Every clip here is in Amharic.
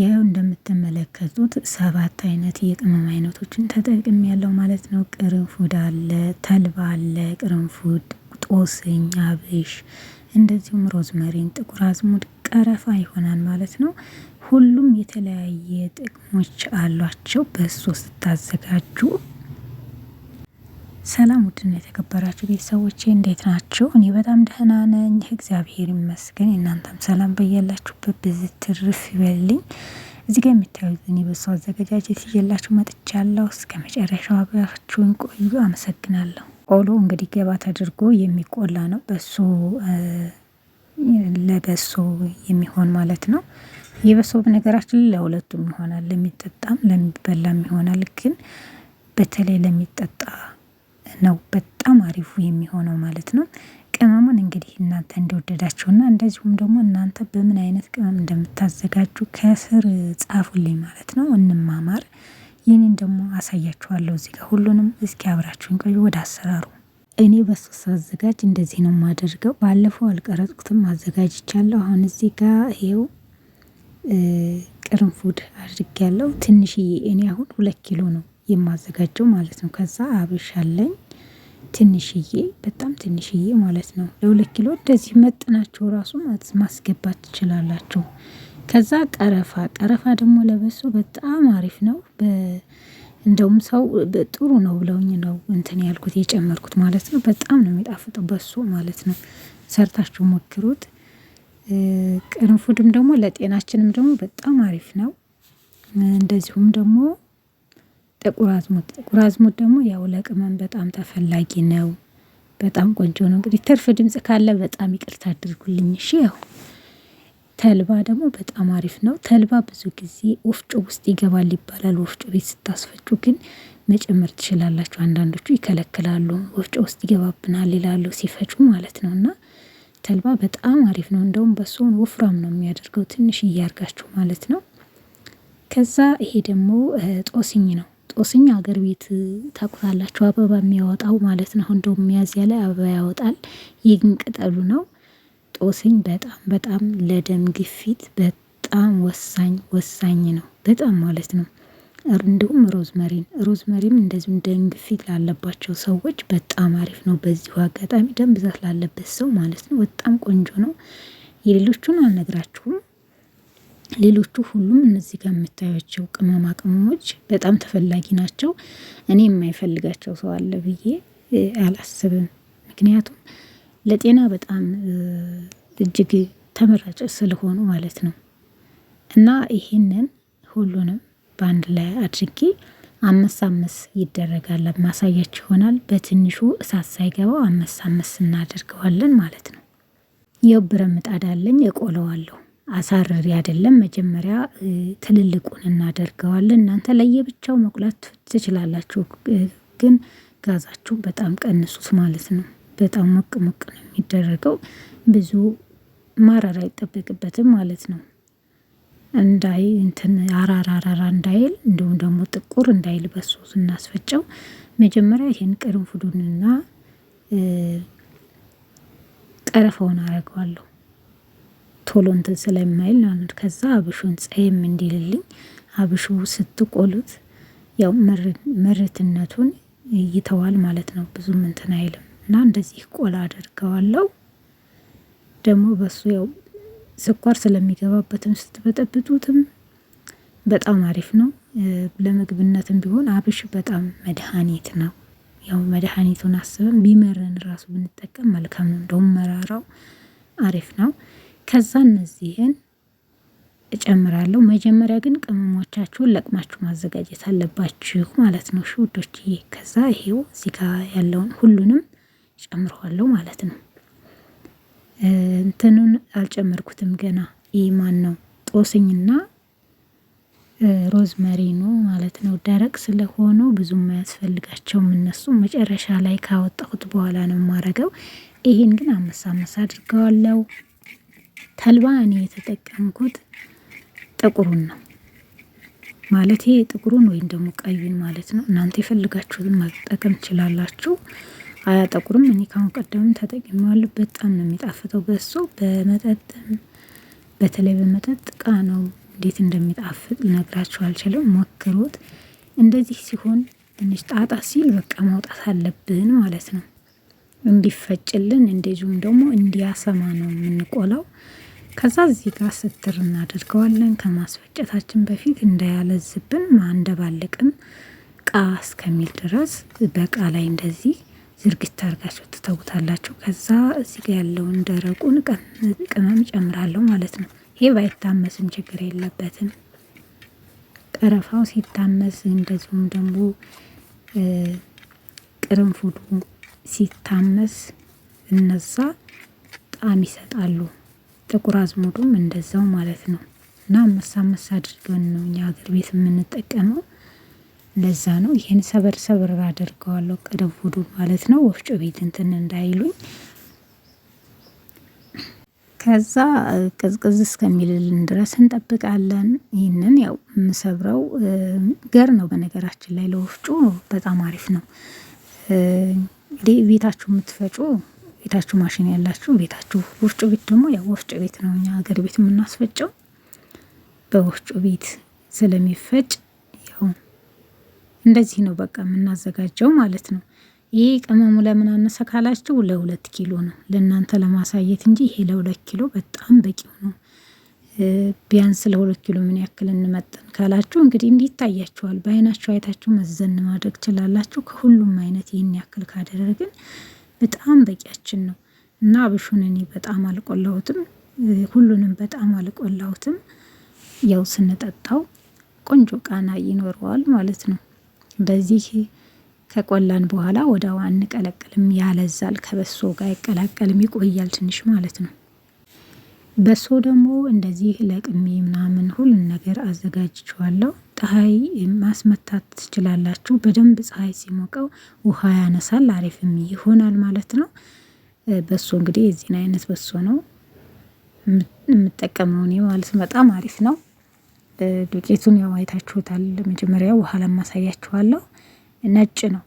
ይኸው እንደምትመለከቱት ሰባት አይነት የቅመም አይነቶችን ተጠቅም ያለው ማለት ነው። ቅርንፉድ አለ፣ ተልባ አለ፣ ቅርንፉድ፣ ጦስኝ፣ አብሽ እንደዚሁም ሮዝመሪን፣ ጥቁር አዝሙድ፣ ቀረፋ ይሆናል ማለት ነው። ሁሉም የተለያየ ጥቅሞች አሏቸው። በሶ ስታዘጋጁ ሰላም ውድና የተከበራችሁ ቤተሰቦቼ እንዴት ናችሁ? እኔ በጣም ደህና ነኝ፣ እግዚአብሔር ይመስገን። እናንተም ሰላም በያላችሁበት ብዝት ትርፍ ይበልኝ። እዚህ ጋር የምታዩት እኔ በሰው አዘገጃጀት ይዤላችሁ መጥቻለሁ። እስከ መጨረሻው አብራችሁን ቆዩ። አመሰግናለሁ። ቆሎ እንግዲህ ገባ ተደርጎ የሚቆላ ነው። በሶ ለበሶ የሚሆን ማለት ነው። የበሶ በነገራችን ለሁለቱም ይሆናል፣ ለሚጠጣም ለሚበላም ይሆናል። ግን በተለይ ለሚጠጣ ነው በጣም አሪፉ የሚሆነው ማለት ነው። ቅመሙን እንግዲህ እናንተ እንደወደዳችሁና እንደዚሁም ደግሞ እናንተ በምን አይነት ቅመም እንደምታዘጋጁ ከስር ጻፉልኝ ማለት ነው። እንማማር። ይህንን ደግሞ አሳያችኋለሁ እዚህ ጋር ሁሉንም። እስኪ አብራችሁን ቆዩ ወደ አሰራሩ። እኔ በሶስት አዘጋጅ እንደዚህ ነው የማደርገው። ባለፈው አልቀረጽኩትም አዘጋጅቻለሁ። አሁን እዚህ ጋር ይኸው ቅርንፉድ አድርጌያለሁ። ትንሽዬ እኔ አሁን ሁለት ኪሎ ነው የማዘጋጀው ማለት ነው። ከዛ አብሻለኝ ትንሽዬ በጣም ትንሽዬ ማለት ነው ለሁለት ኪሎ እንደዚህ መጥናችሁ ራሱ ማስገባት ትችላላችሁ። ከዛ ቀረፋ ቀረፋ ደግሞ ለበሶ በጣም አሪፍ ነው። እንደውም ሰው ጥሩ ነው ብለውኝ ነው እንትን ያልኩት የጨመርኩት ማለት ነው በጣም ነው የሚጣፍጥ በሶ ማለት ነው። ሰርታችሁ ሞክሩት። ቅርንፉድም ደግሞ ለጤናችንም ደግሞ በጣም አሪፍ ነው። እንደዚሁም ደግሞ ጥቁር አዝሙድ ጥቁር አዝሙድ ደግሞ ያው ለቅመም በጣም ተፈላጊ ነው። በጣም ቆንጆ ነው። እንግዲህ ትርፍ ድምጽ ካለ በጣም ይቅርታ አድርጉልኝ። እሺ ያው ተልባ ደግሞ በጣም አሪፍ ነው። ተልባ ብዙ ጊዜ ወፍጮ ውስጥ ይገባል ይባላል። ወፍጮ ቤት ስታስፈጩ ግን መጨመር ትችላላችሁ። አንዳንዶቹ ይከለክላሉ። ወፍጮ ውስጥ ይገባብናል ይላሉ ሲፈጩ ማለት ነው። እና ተልባ በጣም አሪፍ ነው። እንደውም በሱን ወፍራም ነው የሚያደርገው ትንሽ እያርጋችሁ ማለት ነው። ከዛ ይሄ ደግሞ ጦስኝ ነው። ጦስኝ አገር ቤት ታቁታላችሁ አበባ የሚያወጣው ማለት ነው። እንደውም ሚያዝያ ላይ አበባ ያወጣል። ይህን ቅጠሉ ነው። ጦስኝ በጣም በጣም ለደም ግፊት በጣም ወሳኝ ወሳኝ ነው። በጣም ማለት ነው። እንዲሁም ሮዝመሪን ሮዝመሪም እንደዚሁ ደም ግፊት ላለባቸው ሰዎች በጣም አሪፍ ነው። በዚሁ አጋጣሚ ደም ብዛት ላለበት ሰው ማለት ነው በጣም ቆንጆ ነው። የሌሎቹን አልነግራችሁም። ሌሎቹ ሁሉም እነዚህ ጋር የምታያቸው ቅመማ ቅመሞች በጣም ተፈላጊ ናቸው። እኔ የማይፈልጋቸው ሰው አለ ብዬ አላስብም። ምክንያቱም ለጤና በጣም እጅግ ተመራጭ ስለሆኑ ማለት ነው። እና ይህንን ሁሉንም በአንድ ላይ አድርጌ አመስ አመስ ይደረጋል። ማሳያች ይሆናል። በትንሹ እሳት ሳይገባው አመስ አመስ እናደርገዋለን ማለት ነው። የብረት ምጣድ አለኝ እቆለዋለሁ አሳረሪ አይደለም። መጀመሪያ ትልልቁን እናደርገዋለን። እናንተ ለየብቻው መቁላት ትችላላችሁ፣ ግን ጋዛችሁ በጣም ቀንሱት ማለት ነው። በጣም ሞቅ ሞቅ ነው የሚደረገው። ብዙ ማራር አይጠበቅበትም ማለት ነው። እንዳይ እንትን አራራ አራራ እንዳይል እንዲሁም ደግሞ ጥቁር እንዳይል በሱ ስናስፈጨው መጀመሪያ ይሄን ቅርንፉዱንና ቀረፋውን አረገዋለሁ። ቶሎ እንትን ስለማይል ነው። ከዛ አብሹን ጸየም እንዲልልኝ አብሹ ስትቆሉት ያው መርትነቱን ይተዋል ማለት ነው። ብዙም እንትን አይልም እና እንደዚህ ቆላ አድርገዋለው። ደግሞ በሱ ያው ስኳር ስለሚገባበትም ስትበጠብጡትም በጣም አሪፍ ነው። ለምግብነትም ቢሆን አብሽ በጣም መድኃኒት ነው። ያው መድኃኒቱን አስበን ቢመረን ራሱ ብንጠቀም መልካም ነው። እንደውም መራራው አሪፍ ነው። ከዛ እነዚህን እጨምራለሁ። መጀመሪያ ግን ቅመሞቻችሁን ለቅማችሁ ማዘጋጀት አለባችሁ ማለት ነው ውዶቼ። ከዛ ይሄው እዚህ ጋር ያለውን ሁሉንም ጨምረዋለሁ ማለት ነው። እንትኑን አልጨመርኩትም ገና ይህ ማን ነው ጦስኝና ሮዝመሪ ነው ማለት ነው። ደረቅ ስለሆኑ ብዙም አያስፈልጋቸውም እነሱ መጨረሻ ላይ ካወጣሁት በኋላ ነው የማረገው። ይሄን ግን አመሳመስ አድርገዋለው። ተልባ እኔ የተጠቀምኩት ጥቁሩን ነው ማለት ይሄ ጥቁሩን ወይም ደግሞ ቀዩን ማለት ነው። እናንተ የፈልጋችሁትን መጠቀም ትችላላችሁ። አያ አያጠቁርም። እኔ ካሁን ቀደምም ተጠቅሜዋለሁ። በጣም ነው የሚጣፍጠው። በሶ በመጠጥም በተለይ በመጠጥ እቃ ነው እንዴት እንደሚጣፍጥ ልነግራችሁ አልችልም። ሞክሩት። እንደዚህ ሲሆን ትንሽ ጣጣ ሲል በቃ ማውጣት አለብን ማለት ነው እንዲፈጭልን። እንደዚሁም ደግሞ እንዲያሰማ ነው የምንቆላው። ከዛ እዚህ ጋር ስትር እናደርገዋለን። ከማስፈጨታችን በፊት እንዳያለዝብን ማንደባልቅም ቃ እስከሚል ድረስ በቃ ላይ እንደዚህ ዝርግት አድርጋችሁ ትተውታላችሁ። ከዛ እዚህ ጋር ያለውን ደረቁን ቅመም ጨምራለሁ ማለት ነው። ይሄ ባይታመስም ችግር የለበትም። ቀረፋው ሲታመስ እንደዚሁም ደግሞ ቅርንፉዱ ሲታመስ እነዛ ጣዕም ይሰጣሉ። ጥቁር አዝሙዱም እንደዛው ማለት ነው። እና አመሳ አመሳ አድርገን ነው እኛ ሀገር ቤት የምንጠቀመው። ለዛ ነው ይህን ሰበር ሰበር አድርገዋለሁ ቀረፉዱ ማለት ነው። ወፍጮ ቤት እንትን እንዳይሉኝ። ከዛ ቅዝቅዝ እስከሚልልን ድረስ እንጠብቃለን። ይህንን ያው የምሰብረው ገር ነው። በነገራችን ላይ ለወፍጮ በጣም አሪፍ ነው። ቤታችሁ የምትፈጩ ቤታችሁ ማሽን ያላችሁ ቤታችሁ ወፍጮ ቤት ደግሞ ያው ወፍጮ ቤት ነው። እኛ ሀገር ቤት የምናስፈጨው በወፍጮ ቤት ስለሚፈጭ ያው እንደዚህ ነው በቃ የምናዘጋጀው ማለት ነው። ይሄ ቅመሙ ለምን አነሰ ካላችሁ ለሁለት ኪሎ ነው ለእናንተ ለማሳየት እንጂ ይሄ ለሁለት ኪሎ በጣም በቂ ነው። ቢያንስ ለሁለት ኪሎ ምን ያክል እንመጠን ካላችሁ እንግዲህ እንዲህ ይታያችኋል። በአይናችሁ አይታችሁ መዘን ማድረግ ችላላችሁ። ከሁሉም አይነት ይህን ያክል ካደረግን በጣም በቂያችን ነው እና አብሹን እኔ በጣም አልቆላሁትም፣ ሁሉንም በጣም አልቆላሁትም። ያው ስንጠጣው ቆንጆ ቃና ይኖረዋል ማለት ነው። በዚህ ከቆላን በኋላ ወዳው አንቀለቅልም፣ ያለዛል። ከበሶ ጋር አይቀላቀልም፣ ይቆያል ትንሽ ማለት ነው። በሶ ደግሞ እንደዚህ ለቅሜ ምናምን ሁሉን ነገር አዘጋጅቸዋለሁ። ፀሐይ ማስመታት ትችላላችሁ። በደንብ ፀሐይ ሲሞቀው ውሃ ያነሳል፣ አሪፍም ይሆናል ማለት ነው። በሶ እንግዲህ የዚህን አይነት በሶ ነው የምጠቀመው እኔ ማለት ነው። በጣም አሪፍ ነው። ዱቄቱን ያው አይታችሁታል። መጀመሪያ ውሃ ለማሳያችኋለሁ። ነጭ ነው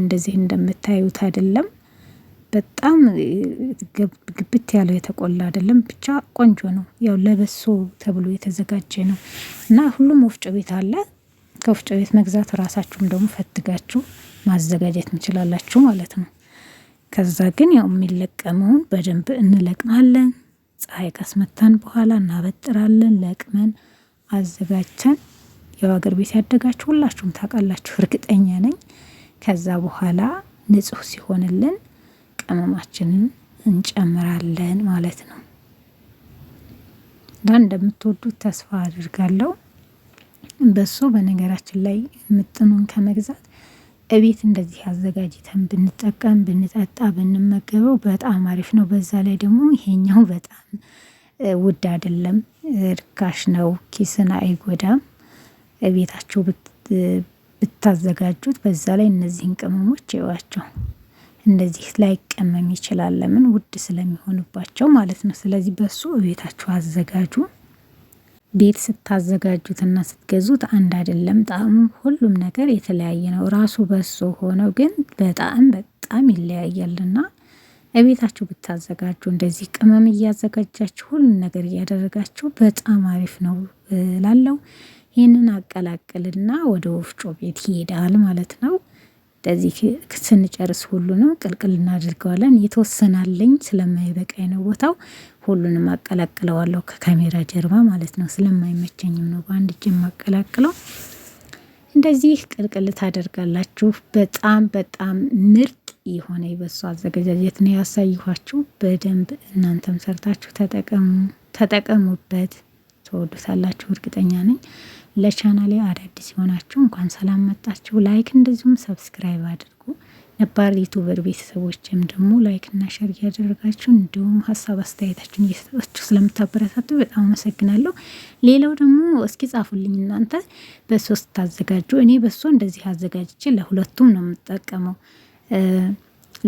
እንደዚህ እንደምታዩት አይደለም። በጣም ግብት ያለው የተቆላ አይደለም፣ ብቻ ቆንጆ ነው። ያው ለበሶ ተብሎ የተዘጋጀ ነው እና ሁሉም ወፍጮ ቤት አለ። ከወፍጮ ቤት መግዛት ራሳችሁም ደግሞ ፈትጋችሁ ማዘጋጀት እንችላላችሁ ማለት ነው። ከዛ ግን ያው የሚለቀመውን በደንብ እንለቅማለን። ፀሐይ ካስመታን በኋላ እናበጥራለን። ለቅመን አዘጋጅተን ያው አገር ቤት ያደጋችሁ ሁላችሁም ታውቃላችሁ፣ እርግጠኛ ነኝ። ከዛ በኋላ ንጹህ ሲሆንልን ቅመማችንን እንጨምራለን ማለት ነው። እና እንደምትወዱት ተስፋ አድርጋለሁ። በሶ በነገራችን ላይ ምጥኑን ከመግዛት እቤት እንደዚህ አዘጋጅተን ብንጠቀም ብንጠጣ ብንመገበው በጣም አሪፍ ነው። በዛ ላይ ደግሞ ይሄኛው በጣም ውድ አይደለም፣ ርካሽ ነው፣ ኪስን አይጎዳም። ቤታችሁ ብታዘጋጁት። በዛ ላይ እነዚህን ቅመሞች ይዋቸው። እንደዚህ ላይቀመም ይችላል። ለምን ውድ ስለሚሆንባቸው ማለት ነው። ስለዚህ በሱ እቤታችሁ አዘጋጁ። ቤት ስታዘጋጁትና ስትገዙት አንድ አይደለም። ጣዕሙ፣ ሁሉም ነገር የተለያየ ነው። ራሱ በሶ ሆነው ግን በጣም በጣም ይለያያልና እቤታችሁ ብታዘጋጁ እንደዚህ ቅመም እያዘጋጃችሁ ሁሉም ነገር እያደረጋችሁ በጣም አሪፍ ነው ላለው ይህንን አቀላቅልና ወደ ወፍጮ ቤት ይሄዳል ማለት ነው። እንደዚህ ስንጨርስ ሁሉንም ቅልቅል እናድርገዋለን። የተወሰናለኝ ስለማይበቃኝ ነው ቦታው ሁሉንም አቀላቅለዋለሁ ከካሜራ ጀርባ ማለት ነው። ስለማይመቸኝም ነው በአንድ እጅ የማቀላቅለው። እንደዚህ ቅልቅል ታደርጋላችሁ። በጣም በጣም ምርጥ የሆነ የበሶ አዘገጃጀት ነው ያሳይኋችሁ። በደንብ እናንተም ሰርታችሁ ተጠቀሙ ተጠቀሙበት። ተወዱታላችሁ እርግጠኛ ነኝ። ለቻናሌ አዳዲስ የሆናችሁ እንኳን ሰላም መጣችሁ። ላይክ እንደዚሁም ሰብስክራይብ አድርጉ። ነባር ዩቱበር ቤተሰቦችም ደግሞ ላይክና ሸር እያደረጋችሁ እንዲሁም ሀሳብ አስተያየታችሁን እየሰጣችሁ ስለምታበረታቱ በጣም አመሰግናለሁ። ሌላው ደግሞ እስኪ ጻፉልኝ እናንተ በሶስት ታዘጋጁ። እኔ በሶ እንደዚህ አዘጋጅቼ ለሁለቱም ነው የምጠቀመው።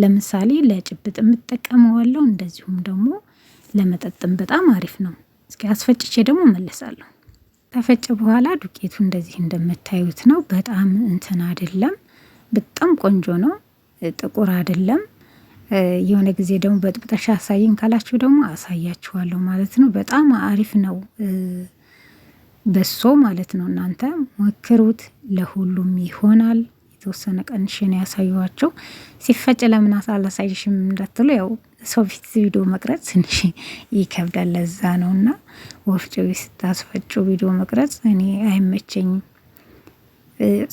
ለምሳሌ ለጭብጥ የምጠቀመዋለሁ፣ እንደዚሁም ደግሞ ለመጠጥም በጣም አሪፍ ነው። እስኪ አስፈጭቼ ደግሞ መለሳለሁ። ከፈጨ በኋላ ዱቄቱ እንደዚህ እንደምታዩት ነው። በጣም እንትን አይደለም፣ በጣም ቆንጆ ነው። ጥቁር አይደለም። የሆነ ጊዜ ደግሞ በጥብጠሻ አሳይን ካላችሁ ደግሞ አሳያችኋለሁ ማለት ነው። በጣም አሪፍ ነው በሶ ማለት ነው። እናንተ ሞክሩት፣ ለሁሉም ይሆናል። የተወሰነ ቀንሽን ያሳዩዋቸው ሲፈጭ ለምን አሳላሳይሽም እንዳትሉ ያው ሰው ፊት ቪዲዮ መቅረጽ ትንሽ ይከብዳል። ለዛ ነው እና ወፍጮ ቤት ስታስፈጩ ቪዲዮ መቅረጽ እኔ አይመቸኝም።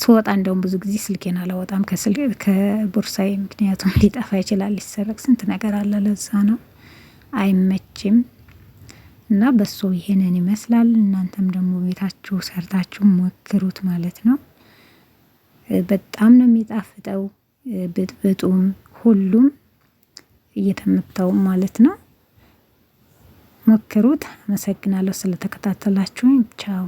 ስወጣ እንደውም ብዙ ጊዜ ስልኬን አላወጣም ከቦርሳዬ፣ ምክንያቱም ሊጠፋ ይችላል፣ ሊሰረቅ፣ ስንት ነገር አለ። ለዛ ነው አይመችም። እና በሶ ይሄንን ይመስላል። እናንተም ደግሞ ቤታችሁ ሰርታችሁ ሞክሩት ማለት ነው። በጣም ነው የሚጣፍጠው ብጥብጡም ሁሉም እየተመታው ማለት ነው። ሞክሩት። አመሰግናለሁ ስለተከታተላችሁኝ። ቻው